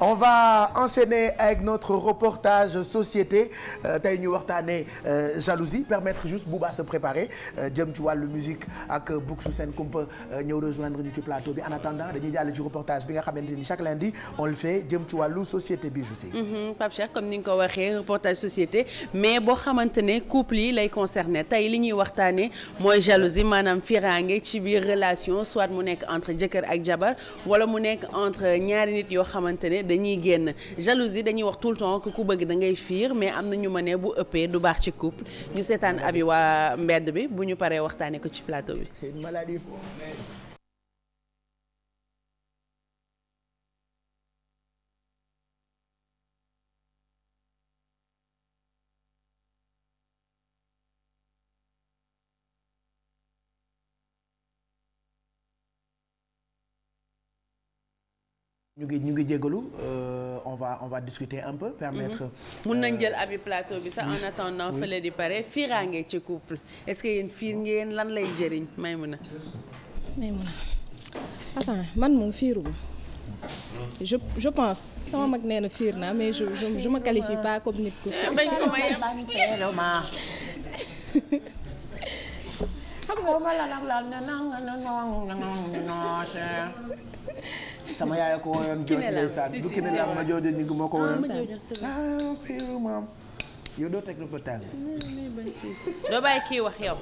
on va enchaîner avec notre reportage société euh, tey ñu waxtaanee euh, jalousie permettre juste Bouba se préparer euh, jëm ci wàllu musique ak Bouxou Sen Kumpa ñëw rejoindre ñu ci plateau bi en attendant dañuy jàll ci reportage bi nga xamante ni chaque lundi on le fait jëm ci wàllu société bi Jussi. Mm-hmm. Pape Cheikh comme ni nga ko waxee reportage société mais boo xamante ne couple yi lay concerné tey li ñuy waxtaanee mooy jalousie maanaam firange ci biir relation soit mu nekk entre jëkkër ak jabar wala mu nekk entre ñaari nit yoo xamante ne. dañuy génn jalousie dañuy wax tout le temps que ku bëgg da ngay fiir mais am na ñu ma ne bu ëppee du baax ci couple ñu seetaan abi waa mbedd bi bu ñu paree waxtaanee ko ci plateau bi. c'est une ñu ngi ñu ngi jégalu euh, on va on va discuter un peu. permettre mhm. mun nañ euh, jël abi plateau bi sax en attendant fële di pare fiiraange ci couple est-ce que yéen fiir ngeen lan lay jëriñ Maymuna. Maymuna attends man moom fiiruma je pense sama mag nee na fiir naa mais je je je me qualifie pas comme nit ku. bañ ko ma yem xam nga sama yaay ko woyoon jooj ndeysaan du kii ne la ma joojo ñu ngi moo ko ah, woyoon ah fii wax yow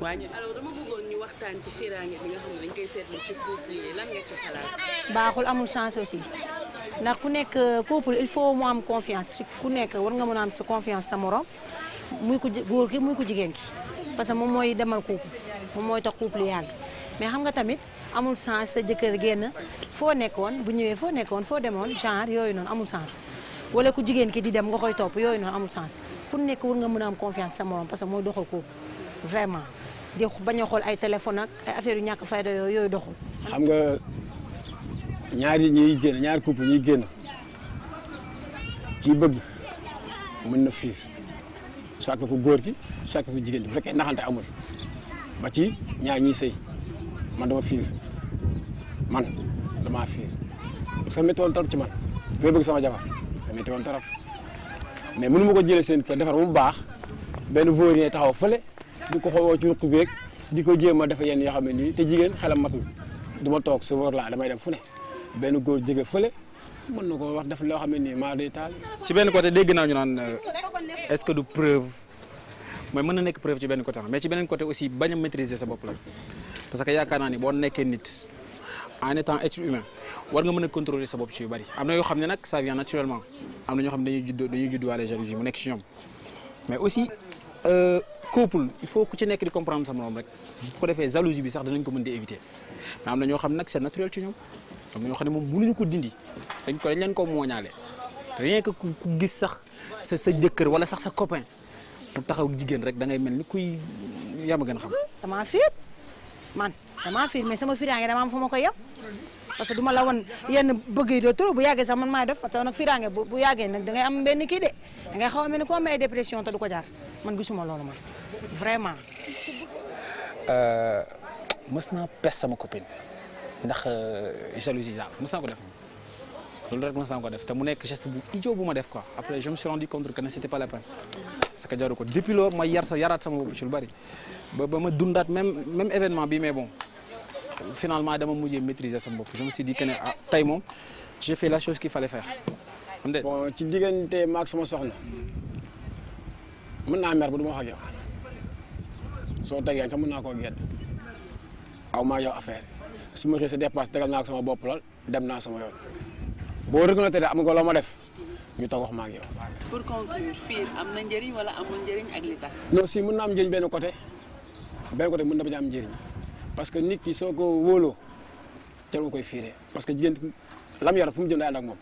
waa waxtaan ci firange baaxul amul chance aussi ndax ku nekk euh, couple il faut mu am confiance ku nekk war nga mën a am sa confiance sa morom muy ko góor ki muy ko jigéen ki parce que moom mooy demal couple moom mooy tax couple yàgg mais xam nga tamit amul sens sa jëkkër génn foo nekkoon bu ñëwee foo nekkoon foo demoon genre yooyu noonu amul sens wala ku jigéen ki di dem nga koy topp yooyu noonu amul sens ku nekk war nga mën a am confiance sa morom parce que mooy doxal kooku vraiment di bañ a xool ay téléphone ak ay yu ñàkk fayda yooyu yooyu doxul. xam nga ñaari ñuy génn ñaari couple ñuy génn kii bëgg mën na fiir soit ko góor gi soit ko jigéen gi bu fekkee naxante amul ci ñaar ñiy sëy. man dama fiir man damaa fiir parce que métti woon trop ci man bi ma bëgg sax jabar da métti woon trop mais mënu ma ko jëlee seen kër defar bu mu baax benn vaurien taxaw fële di ko xowoo ci ruq beeg di ko jéem a defa yenn yoo xam ne nii te jigéen xelam matul duma toog sa wóor laa damay dem fu ne benn góor jege fële mën nu ko wax def loo xam ne nii maa day taal. ci benn côté dégg naa ñu naan euh, est-ce que du preuve mooy mën na nekk preuve ci benn côté mais ci beneen côté aussi bañ a maîtriser sa bopp la parce que yaakaar naa ni boo nekkee nit en étant être humain war nga mën a contrôler sa bopp ci yu bari am na yoo xam ne nag ça vient naturellement am na ñoo xam ne dañuy judd dañuy mais aussi euh, couple il faut ku ci nekk di comprendre sa rek ko defee jalousie bi sax danañ ko mën di am na ñoo xam ne nag c'est naturel ci ñoom am na ñoo xam ne moom mënuñu ko dindi dañ ko dañ leen ko mooñaale rien que ku gis sax sa sa jëkkër wala sax sa copain bu taxaw jigéen rek da ngay mel ni kuy yama gën xam. man damaa firmé sama firange dama am fu ma koy yem parce que du ma la woon yenn bëgg yi de trop bu yàggee sax man maay def parce que nag firange bu yàggee nag da ngay am benn kii de da ngay xaw a mel ni ko am ay dépression te du ko jaar man gisuma loolu man vraiment. Euh, mas naa pes sama copine ndax euh, jalousie genre mës naa ko def loolu rek mës naa ko def te mu nekk geste bu idiot bu ma def quoi après je me suis rendu compte que ne c'était pas la peine. parce que ko depuis loolu ma yar sa yaraat sama bopp ci lu bari ba ba ma dundaat même même événement bi may bon finalement dama mujjee maîtriser sama bopp je me suis di que ne ah, tey moom j'ai fait la chose qu'il fallait faire. xam bon ci diggante maag sama soxna mën naa mer ba du ma wax ak yow soo tegee sax mun naa koo gedd aw maa yow affaire su ma xëy sa dépense tegal naa ko sama bopp lool dem naa sama yoon boo reconnaître am nga loo ma def. ñu toog wax ma ak yow. pour conclure fii am na njëriñ wala amul njëriñ ak li tax. si mën na am njëriñ benn côté benn côté mun na bañ a am njëriñ parce que nit ki soo ko wóoloo jarul koy fiiree parce que jigéen lam yor fu mu jëm daal ak moom.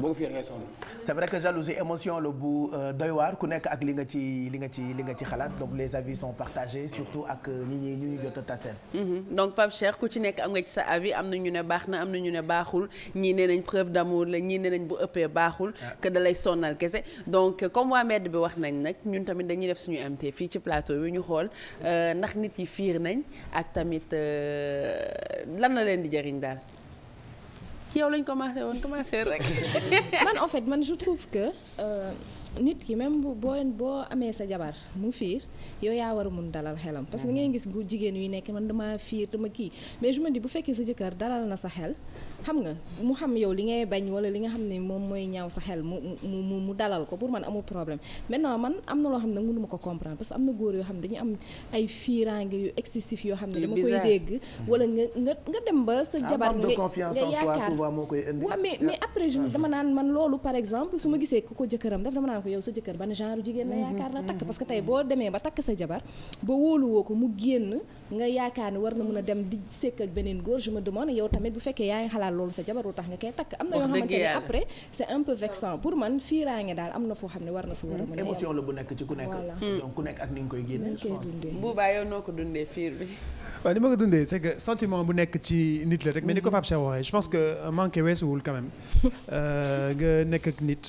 boo ko fi yéexee sonn. c'est vrai que jalousie émotion la bu euh, doy ku nekk ak li nga ci li nga ci li nga ci xalaat donc les avis sont partagés surtout ak euh, ñi ñi ñu jot a taseel. Mm-hmm. donc Pape Cheikh ku ci nekk am nga ci sa avis am na ñu ne baax na am na ñu ne baaxul ñii ne nañ preuve d'amour la ñii ne nañ bu ëppee baaxul. Ah. que da lay sonnal kese donc comme waa medd bi wax nañ nag ñun tamit dañuy def suñu MT fii ci plateau bi ñu xool euh, ndax nit yi fiir nañ ak tamit lan la leen di jëriñ daal. ci yow lañ commencé woon commencé rek. man en fait man je trouve que. Euh... nit ki même bu boo boo amee sa jabar mu fiir yow yaa war a mun dalal xelam parce que mm-hmm. da ngay gis gu jigéen yu nekkee man dama fiir dama kii mais je me fekkee sa jëkkër dalal na sa xel xam nga mu xam yow li ngay bañ wala li nga xam ne moom mooy ñaaw sa xel mu mu mu dalal ko pour man amul problème maintenant man am na loo xam ne mënuma ko comprendre parce que am na góor yoo xam ne dañu am ay fiiraange yoo xam ne dama koy dégg mm-hmm. wala nga nga nga dem ba sa ah, jabar nga yaakaar waaw mais mais après je dama naan man loolu par exemple su ma gisee ku ko jëkkëram daf dama naan naa ko yow sa jëkkër ban genre jigéen la mhm, yaakaar na takk mhm, parce que tey mhm. boo demee ba takk sa jabar ba wóoluwoo ko mu génn nga yaakaar ne war na mën a dem di sekk ak beneen góor je me demande tamit bu fekkee yaa ngi xalaat loolu sa jabar lu tax nga koy takk am na yoo xamante nga koy génne sentiment bu nekk ci nit la rek mais ni ko mm-hmm. Pape Cheikh waxee je pense que manqué weesuwul quand même euh, nga nekk ak nit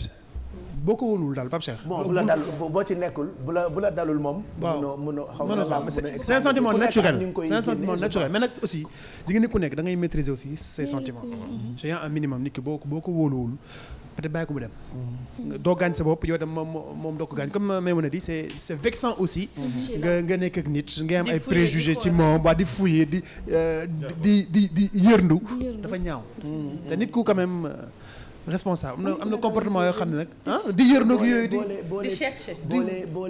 boo ko wóolul daal Pape Cheikh. bon bu la dal boo ci nekkul bu la bu la dalul moom. waaw mënoo xaw ma la c'est un sentiment naturel c'est un sentiment naturel mais nag aussi di nga nit ku nekk da ngay maîtriser aussi ses sentiments. Mhm. j'ai un minimum nit ki boo ko boo ko wóoluwul peut-être bàyyi ko mu dem. Mhm. doo gaañ sa bopp yow tam moom moom doo ko gaañ comme may mën a di c'est c'est vexant aussi. Mhm. nga nga nekk ak nit nga am ay préjugés ci moom waa di fouiller di euh, di di di yërndu. dafa ñaaw te nit ku quand même. Euh, responsable am na am na comportement yoo xam ne nag. ah di yërndoog yooyu di. di chercher di boo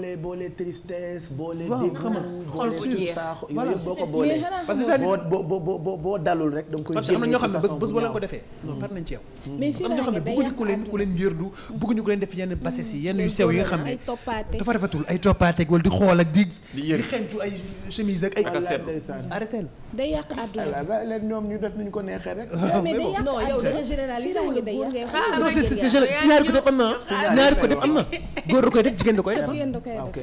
ko boole. parce que boo boo boo boo dalul rek da nga koy. parce que am na ñoo xam ne bés bés wala ko defee. loolu par mm. nañ ci yow. Mm. mais am na ñoo xam ne bëgguñu ku leen ku leen yërdu. bëgguñu ku leen def yenn bassesse yi yenn mm. yu sew yi xam ne. dafa rafetul ay toppaateeg wala di xool ak di. xencu ay chemise ak ay. arrêté day yàq àdduna. Ah, ah, ah, ñoom ñu def ni ñu ko neexee rek. mais day non c'est c'est ci ñaari ko def am na ñaari ko def am na góor da koy def jigéen da koy def ah, ah, ok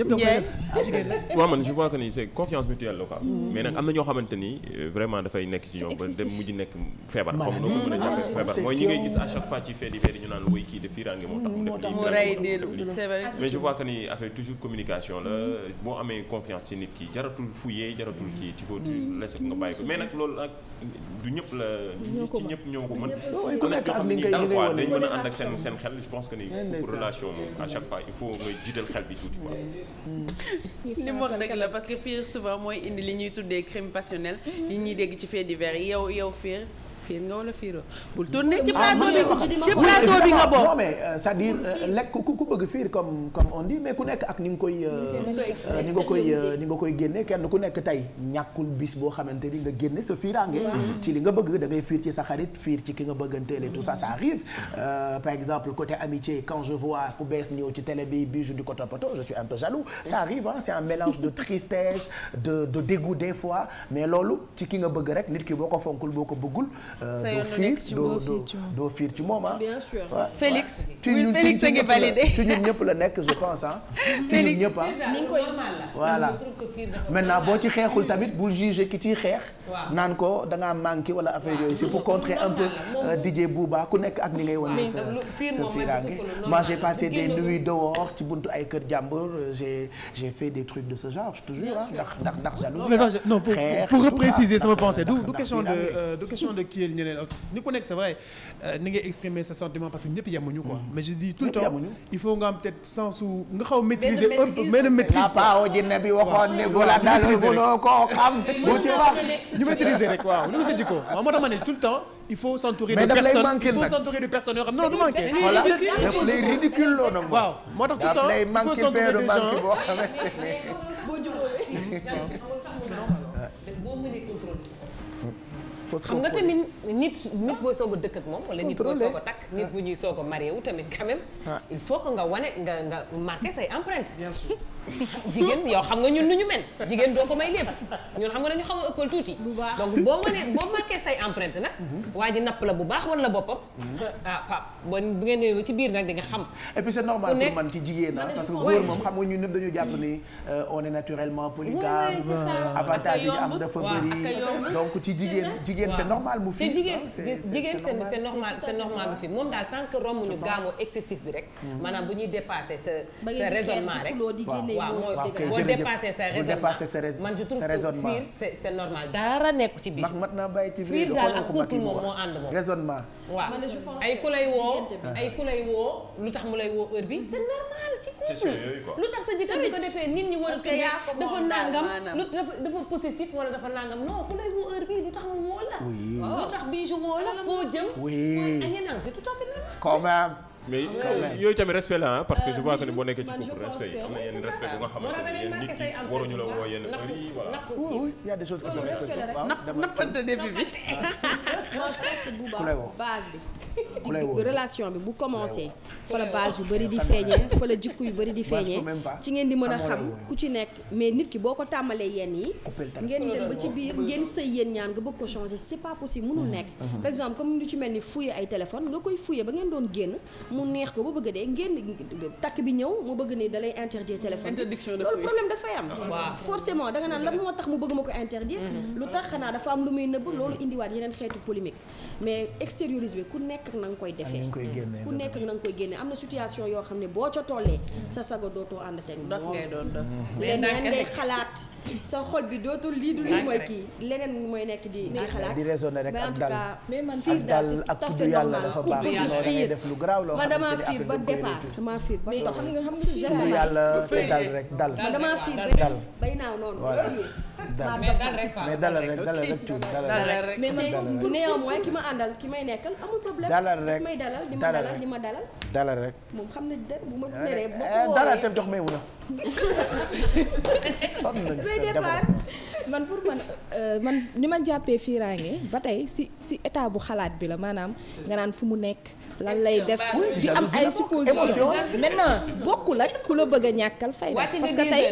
ñëpp ah, man je vois ni c'est confiance mutuelle la mm. mais nag am na ñoo xamante ni euh, vraiment dafay nekk ci ñoom ba dem mujj nekk feebar xam noo ko mën a jàppee feebar mooy ñi ngay gis à chaque fois ci fee di kii de fiiraange moo tax mu def ci nit ki jaratul fouiller jaratul kii mm-hmm. nga bàyyi ko mais nag loolu nag du ñëpp la ci ñëpp ñoo ko mën ni ngay ni ngay mën a ànd seen seen xel je pense que ni pour relation moom à chaque fois xel bi tuuti quoi. Mm. li mu wax rek la parce que fiir souvent mooy indi li ñuy tuddee crime passionnel. li mm-hmm. ñuy dégg ci faits divers yow yow fiir fiir nga wala fiiroo bul tourné ci ah, plateau bi ci nga bokk non mais euh, cest dire euh, lekk ku ku bëgg fiir comme comme on dit mais ku nekk ak ni nga koy euh, ni nga koy ni nga koy génne kenn ku nekk tey ñàkkul bis boo xamante ni nga génne sa fiiraange mm-hmm. ci li nga bëgg da ngay fiir ci sa xarit fiir ci ki nga bëgganteel et tout ça ça arrive par exemple côté amitié quand je vois ku bees ñëw ci télé bi bi je di ko toppatoo je suis un peu jaloux ça arrive ah c'est un mélange de tristesse de de des fois mais loolu ci ki nga bëgg rek nit ki boo ko fonkul boo ko bëggul Euh, doo fiir doo doo fiir ci moom ah. bien sûr Félix. ci ñun Félix a ngi validé ci ñun ñëpp la nekk je pense ah. ci ñun ñëpp ah. ni koy voilà maintenant boo ci xeexul tamit bul juger ki ciy xeex. naan ko da ngaa manqué wala affaire yooyu c'est pour contrer un peu euh, DJ Bouba ku nekk ak ni ngay wane sa sa fiiraange. moi j'ai passé des nuits dehors ci buntu ay kër jàmbur j'ai j'ai fait des trucs de ce genre je te jure ah ndax ndax ndax jalousie. xeex pour pour repréciser sama pensée du du question de euh, du question de qui ñeneen ñeneen ni ku nekk c'est vrai euh, ni ngay exprimer sa sentiment parce que ñëpp yemuñu quoi. Mm-hmm. mais je dis tout le temps il faut nga am peut sens su nga xaw maîtriser un peu benn maîtrise quoi. jinne bi waxoon ne gola daal mënoo koo xam. boo ci wax waaw ñu ngi sa jikko moo tax ma tout le temps. il faut s'entourer de personnes il faut s'entourer de personnes yoo xam ne du ridicule loo nag. waaw moo tax tout le temps il faut s'entourer de gens boo xamante ne. parce xam nga tamit nit nit booy soo a dëkk moom wala nit booy soog a takk nit bu ñuy soog a marié wu tamit quand même il faut que nga wane nga nga marqué say empreinte jigéen yow xam nga ñun nu ñu mel jigéen doo ko may lépp ñun xam nga dañu xaw a tuuti boo mënee boo marqué say empreinte nag mm-hmm. waa ji napp la bu baax wala boppam mm-hmm. ah pap bu ngeen ñëwee ci biir nag nga xam et puis c'est normal pour man ci jigéen na ah, parce que góor moom xam nga ñun ñëpp dañu jàpp ni mm-hmm. euh, on est mu ñu gaamoo excessif bi rek maanaam bu ñuy dépassé sa sa raisonnement rek waaw mooy boo dépassé sa raisonnement man je trouve que fiir c'est normal dara nekku ci biir. ndax mat naa bàyyi ci biir daal ak couple moom moo ànd moom raisonnement. waaw ay ku lay woo ay ku lay woo lu tax mu lay woo heure bi mm-hmm. c'est ci couple lu tax sa jëkkër bi ko defee nit ñi war a tëddee dafa nangam dafa dafa possessif wala dafa nangam non ku lay woo heure lu tax mu woo la lu jëm oui ak ngeen c'est tout à fait normal quand mais ah, yooyu tamit respect la parce que je euh, vois que ne boo nekkee ci couple respect am na yenn respect bu nga xamante ne yéen nit ki waruñu la woo yenn kër yi a nappante début bi. relation bi bu commencé fa la base yu bëri di feeñee fa la jikko yu bëri di feeñee ci ngeen di mën a xam ku ci nekk mais nit ki boo ko tàmbalee yenn yi ngeen dem ba ci biir ngeen sëy yéen ñaan nga bëgg ko changer c'est pas possible mënul mmh. nekk mmh. par exemple comme lu ci mel ni ba ngeen doon génn mu neex ko ba bëgg dee ngeen takk bi ñëw mu bëgg ni dalay interdire téléphone loolu problème dafay am ah, forcément da naan lan moo tax mu bëgg ma ko interdire mmh. lu tax xanaa dafa am lu muy nekk na nga koy defee ku nekk na nga koy génne am na situation yoo xam ne boo ca tollee sa sago dootoo ànd teg moom mhm. leneen ngay xalaat sa xol bi dootul lii du lii mooy mooy nekk di di xalaat di raisonner rek ak dal fiir daal c'est tout à fait normal ku bëgg fiir man damaa fiir ba départ damaa fiir ba dox man damaa fiir ba bay naaw noonu dal mais dalal rek dalal rek tuuti dalal rek mais man néanmoins ki ma àndal ki may nekkal amul problème dalal rek may dalal di ma dalal di ma dalal. dalal rek moom xam na bu ma eh, meree. Eh, dalal te jox may wu na. sonn nañu sa man pour man euh, man ni ma jàppee fiiraange ba tey si si état bu xalaat bi la maanaam nga naan fu mu nekk lan lay def di am ay supposition maintenant bokkul ak ku la bëgg ñàkkal fay parce que tey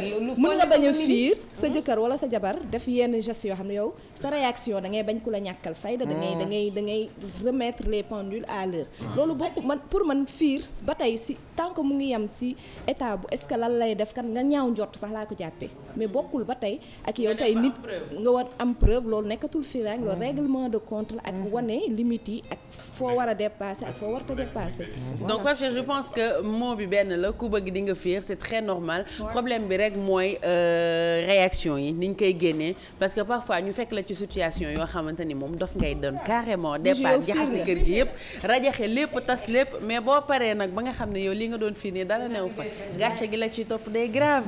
mën nga bañ a fiir sa mhm. jëkkër wala sa jabar def yenn gestes yoo xam ne yow sa réaction da bañ ku la ñàkkal fayda da ngay da mhm. ngay da ngay remettre les pendules à l'heure loolu bokk man pour man fiir ba tey si tant mu ngi yem si état bu est-ce que lan lay def kan nga ñaaw njort sax laa ko jàppee mais bokkul ba tey ak yow tey nit nga war am preuve loolu nekkatul firang loolu règlement de compte la ak wane limites yi ak foo war a dépasser ak foo warta dépasser mhm. donc Pape je pense que mot bi benn la ku bëgg di nga fiir c'est très normal problème bi rek mooy euh, réaction yi ni ñu koy génnee parce que parfois ñu fekk la ci situation yoo xamante ni moom daf ngay doon carrément départ jaxase kër gi yëpp rajaxe lépp tas lépp mais boo paree nag ba nga xam ne yow li nga doon fiir nii dala neew fa gàcce gi la ci topp day grave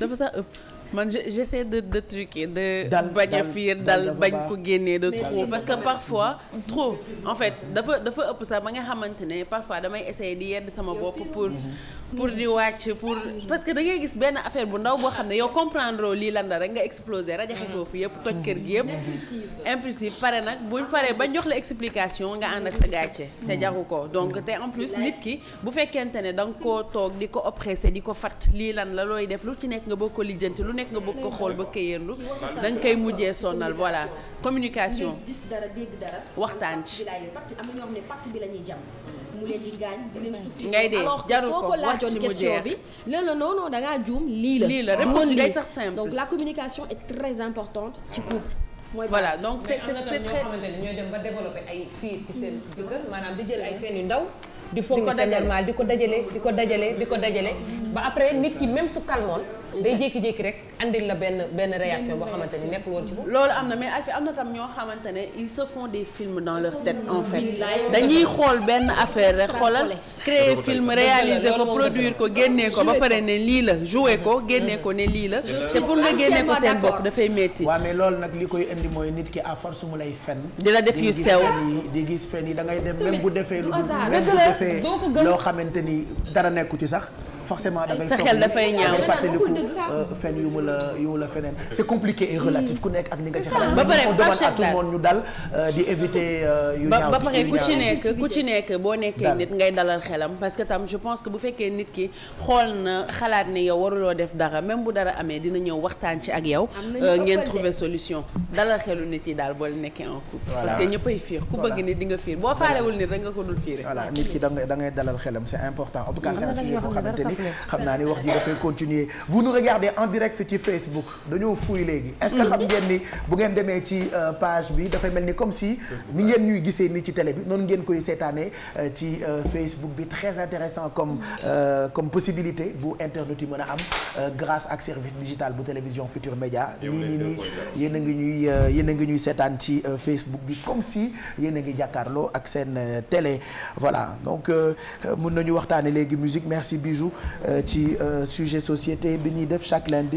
donc ëpp man j'essaie de de truquer de. bañ a fiir dal bañ ko génnee de trop. parce que parfois trop en fait dafa dafa ëpp sax ba nga xamante ne parfois damay essayer di yedd sama bopp pour. pour di wàcc pour parce que da ngay gis benn affaire bu ndaw boo xam ne yow comprendre lii lan la rek nga exploser rajaxe foofu yëpp toj mm-hmm. kër gi yëpp. impulsif pare nag buñ paree ba jox la explication nga ànd ak sa gàcce. te mm-hmm. jaru ko donc te en plus nit ki bu fekkente ne da koo toog di ko oppressé di ko fat lii lan la looy def lu ci nekk nga bëgg ko lijjanti lu nekk nga bëgg ko xool ba ko yëndu da nga koy mujjee sonal voilà communication dara dégg dara waxtaan ci parti am na ñoo xam ne parti la ñuy jàmm mu leen ngay dee jarul ko wax ci mu jeex bi la non non da ngaa juum lii la lii la réponse day sax simple la communication est très importante ci couple voilà donc c'est c'est très ñoo xamante ne dem ba développer ay fiir maanaam di jël ay fen yu ndaw di foog c'est normal di ko dajale di ko dajale di ko dajale ba après nit ki même su kalmoon day jékki-jékki rek andil la benn benn réaction boo xamante ni nekkul woon ci moom. loolu am na mais Afi am na tam ñoo xamante ne ils se font des films dans xool benn affaire rek xoolal créer film réaliser ko produire ko lii la jouer ko génnee ko ne lii la te pour nga génnee ko seen bopp dafay metti waaw mais loolu nag li koy indi mooy nit ki à force mu lay fen di la def yu sew di gis fen yi da ngay dem même bu defee lu dul même defee loo xamante ni dara nekku ci sax forcément da ngay. sa xel dafay ah, ñaaw da euh, hmm. ku nekk ak ni nga ci ba pare marché à dal euh, di éviter euh, yu ñaaw ci nekk boo nekkee nit ngay dalal xelam parce que tam je pense que bu fekkee nit ki xool na xalaat ne yow waruloo def dara même bu dara amee dina ñëw waxtaan ci ak yow. ngeen trouver solution dalal xelu nit yi daal boo nekkee en couple. parce que ñëppay fiir ku bëgg nit di fiir boo faalewul nit rek nga ko dul fiire. voilà nit ki da ngay dalal xelam c'est important en tout cas c'est un sujet boo xamante ni xam naa ni wax ji dafay continuer vous nous regardez en direct ci Facebook dañoo fuuy léegi est-ce que xam ngeen ni bu ngeen demee ci euh, page bi dafay mel ni comme si ni ngeen ñuy gisee ni ci télé bi noonu ngeen koy seetaanee euh, ci euh, Facebook bi très intéressant comme euh, comme possibilité bu internet yi mën a am grâce ak service digital bu télévision Futur Média nii nii nii yéen a ngi ñuy yéen a ngi ñuy seetaan ci Facebook bi comme si yéen a ngi jàkkaarloo ak seen télé voilà donc mën nañu waxtaane léegi musique merci Bijou Euh, ci euh, sujet société bi ñuy def chaque lundi